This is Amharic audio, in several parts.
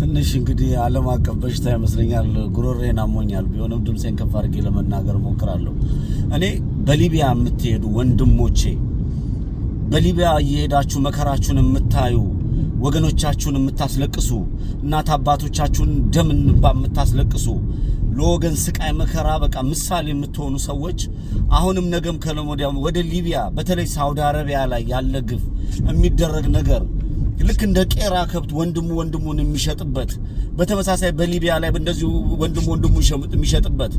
ትንሽ እንግዲህ ዓለም አቀፍ በሽታ ይመስለኛል ጉሮሬን አሞኛል። ቢሆንም ድምፄን ከፍ አድርጌ ለመናገር ሞክራለሁ። እኔ በሊቢያ የምትሄዱ ወንድሞቼ፣ በሊቢያ እየሄዳችሁ መከራችሁን የምታዩ ወገኖቻችሁን የምታስለቅሱ እናት አባቶቻችሁን ደም እንባ የምታስለቅሱ ለወገን ስቃይ መከራ በቃ ምሳሌ የምትሆኑ ሰዎች አሁንም ነገም ከለሞዲያ ወደ ሊቢያ በተለይ ሳውዲ አረቢያ ላይ ያለ ግፍ የሚደረግ ነገር ልክ እንደ ቄራ ከብት ወንድሙ ወንድሙን የሚሸጥበት፣ በተመሳሳይ በሊቢያ ላይ እንደዚሁ ወንድሙ ወንድሙ የሚሸጥበት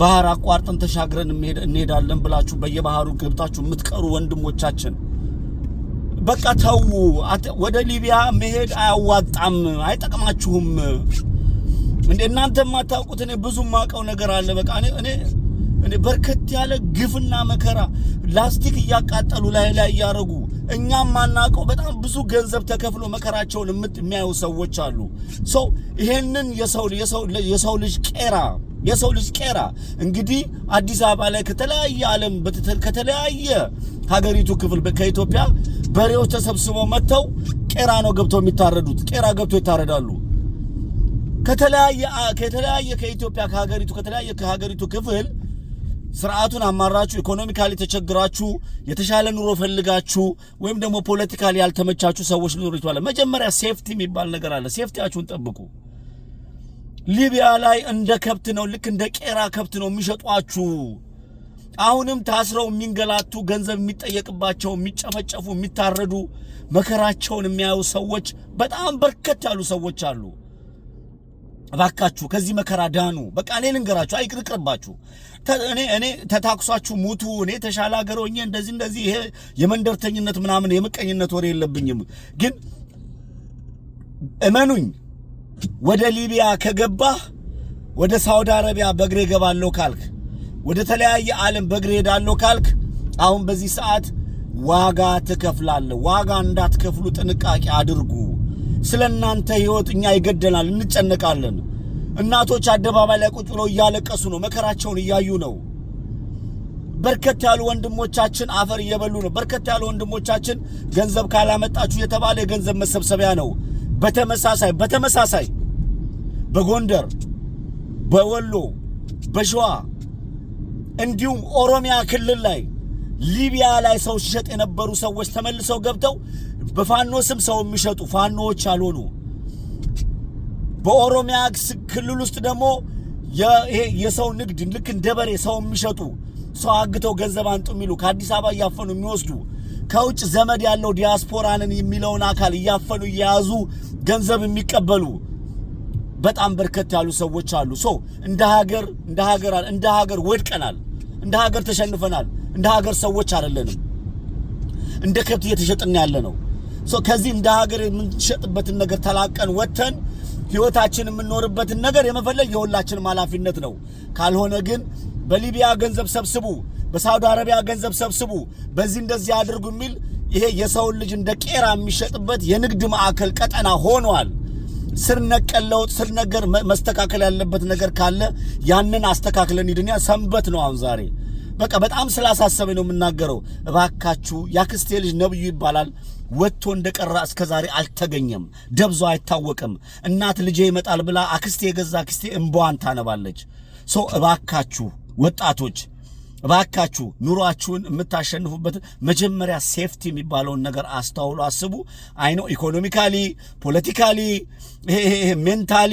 ባህር አቋርጠን ተሻግረን እንሄዳለን ብላችሁ በየባህሩ ገብታችሁ የምትቀሩ ወንድሞቻችን በቃ ተዉ። ወደ ሊቢያ መሄድ አያዋጣም፣ አይጠቅማችሁም። እንደ እናንተ የማታውቁት እኔ ብዙ የማውቀው ነገር አለ። በቃ እኔ በርከት ያለ ግፍና መከራ ላስቲክ እያቃጠሉ ላይ ላይ እያደረጉ እኛም ማናውቀው በጣም ብዙ ገንዘብ ተከፍሎ መከራቸውን የሚያዩ ሰዎች አሉ። ሰው ይሄንን የሰው ልጅ ቄራ የሰው ልጅ ቄራ እንግዲህ አዲስ አበባ ላይ ከተለያየ ዓለም ከተለያየ ሀገሪቱ ክፍል ከኢትዮጵያ በሬዎች ተሰብስበው መጥተው ቄራ ነው ገብተው የሚታረዱት። ቄራ ገብተው ይታረዳሉ። ከተለያየ ከተለያየ ከኢትዮጵያ ከሀገሪቱ ከተለያየ ከሀገሪቱ ክፍል ስርዓቱን አማራችሁ ኢኮኖሚካሊ ተቸግራችሁ የተሻለ ኑሮ ፈልጋችሁ ወይም ደግሞ ፖለቲካሊ ያልተመቻችሁ ሰዎች ሊኖሩ ይችላል። መጀመሪያ ሴፍቲ የሚባል ነገር አለ። ሴፍቲያችሁን ጠብቁ። ሊቢያ ላይ እንደ ከብት ነው፣ ልክ እንደ ቄራ ከብት ነው የሚሸጧችሁ። አሁንም ታስረው የሚንገላቱ ገንዘብ የሚጠየቅባቸው የሚጨፈጨፉ፣ የሚታረዱ መከራቸውን የሚያዩ ሰዎች በጣም በርከት ያሉ ሰዎች አሉ። እባካችሁ ከዚህ መከራ ዳኑ። በቃ እኔ ልንገራችሁ፣ አይቅርቅርባችሁ። እኔ እኔ ተታክሷችሁ ሙቱ። እኔ ተሻለ ሀገር ሆኜ እንደዚህ እንደዚህ ይሄ የመንደርተኝነት ምናምን የምቀኝነት ወሬ የለብኝም። ግን እመኑኝ ወደ ሊቢያ ከገባህ ወደ ሳውዲ አረቢያ በእግሬ እገባለሁ ካልክ፣ ወደ ተለያየ ዓለም በእግሬ ሄዳለሁ ካልክ፣ አሁን በዚህ ሰዓት ዋጋ ትከፍላለህ። ዋጋ እንዳትከፍሉ ጥንቃቄ አድርጉ። ስለ እናንተ ህይወት እኛ ይገደናል፣ እንጨነቃለን። እናቶች አደባባይ ላይ ቁጭ ብለው እያለቀሱ ነው፣ መከራቸውን እያዩ ነው። በርከት ያሉ ወንድሞቻችን አፈር እየበሉ ነው። በርከት ያሉ ወንድሞቻችን ገንዘብ ካላመጣችሁ የተባለ የገንዘብ መሰብሰቢያ ነው። በተመሳሳይ በተመሳሳይ በጎንደር በወሎ በሸዋ እንዲሁም ኦሮሚያ ክልል ላይ ሊቢያ ላይ ሰው ሲሸጥ የነበሩ ሰዎች ተመልሰው ገብተው በፋኖ ስም ሰው የሚሸጡ ፋኖዎች አልሆኑ። በኦሮሚያ ክልል ውስጥ ደግሞ የሰው ንግድ ልክ እንደ በሬ ሰው የሚሸጡ ሰው አግተው ገንዘብ አንጡ የሚሉ ከአዲስ አበባ እያፈኑ የሚወስዱ ከውጭ ዘመድ ያለው ዲያስፖራንን የሚለውን አካል እያፈኑ እየያዙ ገንዘብ የሚቀበሉ በጣም በርከት ያሉ ሰዎች አሉ። ሰው እንደ ሀገር እንደ ሀገር እንደ ሀገር ወድቀናል። እንደ ሀገር ተሸንፈናል። እንደ ሀገር ሰዎች አይደለንም። እንደ ከብት እየተሸጥን ያለ ነው። ከዚህ እንደ ሀገር የምንሸጥበትን ነገር ተላቀን ወጥተን ህይወታችን የምንኖርበትን ነገር የመፈለግ የሁላችንም ኃላፊነት ነው። ካልሆነ ግን በሊቢያ ገንዘብ ሰብስቡ፣ በሳውዲ አረቢያ ገንዘብ ሰብስቡ፣ በዚህ እንደዚህ አድርጉ የሚል ይሄ የሰውን ልጅ እንደ ቄራ የሚሸጥበት የንግድ ማዕከል ቀጠና ሆኗል። ስር ነቀል ለውጥ ስር ነገር መስተካከል ያለበት ነገር ካለ ያንን አስተካክለን ሂድንያ ሰንበት ነው አሁን ዛሬ በቃ በጣም ስላሳሰበ ነው የምናገረው። እባካችሁ ያክስቴ ልጅ ነብዩ ይባላል ወጥቶ እንደቀራ እስከ ዛሬ አልተገኘም። ደብዞ አይታወቅም። እናት ልጄ ይመጣል ብላ አክስቴ የገዛ አክስቴ እምባዋን ታነባለች። ሶ እባካችሁ ወጣቶች እባካችሁ ኑሯችሁን የምታሸንፉበት መጀመሪያ ሴፍቲ የሚባለውን ነገር አስተውሎ አስቡ። አይነው ኢኮኖሚካሊ፣ ፖለቲካሊ፣ ሜንታሊ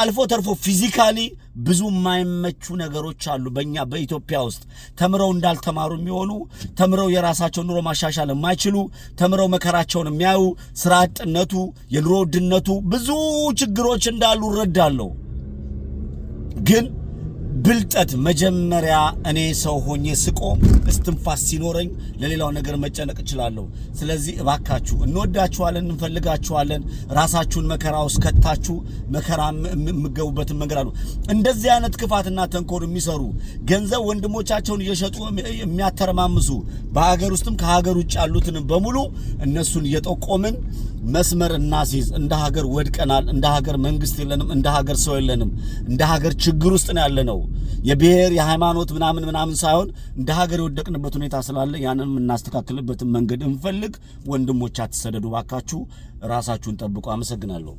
አልፎ ተርፎ ፊዚካሊ ብዙ የማይመቹ ነገሮች አሉ። በእኛ በኢትዮጵያ ውስጥ ተምረው እንዳልተማሩ የሚሆኑ ተምረው የራሳቸውን ኑሮ ማሻሻል የማይችሉ ተምረው መከራቸውን የሚያዩ ስራ አጥነቱ፣ የኑሮ ውድነቱ ብዙ ችግሮች እንዳሉ እረዳለሁ ግን ብልጠት መጀመሪያ እኔ ሰው ሆኜ ስቆም እስትንፋስ ሲኖረኝ ለሌላው ነገር መጨነቅ እችላለሁ። ስለዚህ እባካችሁ እንወዳችኋለን፣ እንፈልጋችኋለን። ራሳችሁን መከራ ውስጥ ከታችሁ መከራ የምገቡበትን መንገድ አሉ። እንደዚህ አይነት ክፋትና ተንኮር የሚሰሩ ገንዘብ ወንድሞቻቸውን እየሸጡ የሚያተረማምሱ በሀገር ውስጥም ከሀገር ውጭ ያሉትንም በሙሉ እነሱን እየጠቆምን መስመር እናስይዝ። እንደ ሀገር ወድቀናል። እንደ ሀገር መንግስት የለንም። እንደ ሀገር ሰው የለንም። እንደ ሀገር ችግር ውስጥ ነው ያለነው። የብሔር የሃይማኖት ምናምን ምናምን ሳይሆን እንደ ሀገር የወደቅንበት ሁኔታ ስላለ ያንን የምናስተካክልበትን መንገድ እንፈልግ። ወንድሞች አትሰደዱ ባካችሁ፣ ራሳችሁን ጠብቁ። አመሰግናለሁ።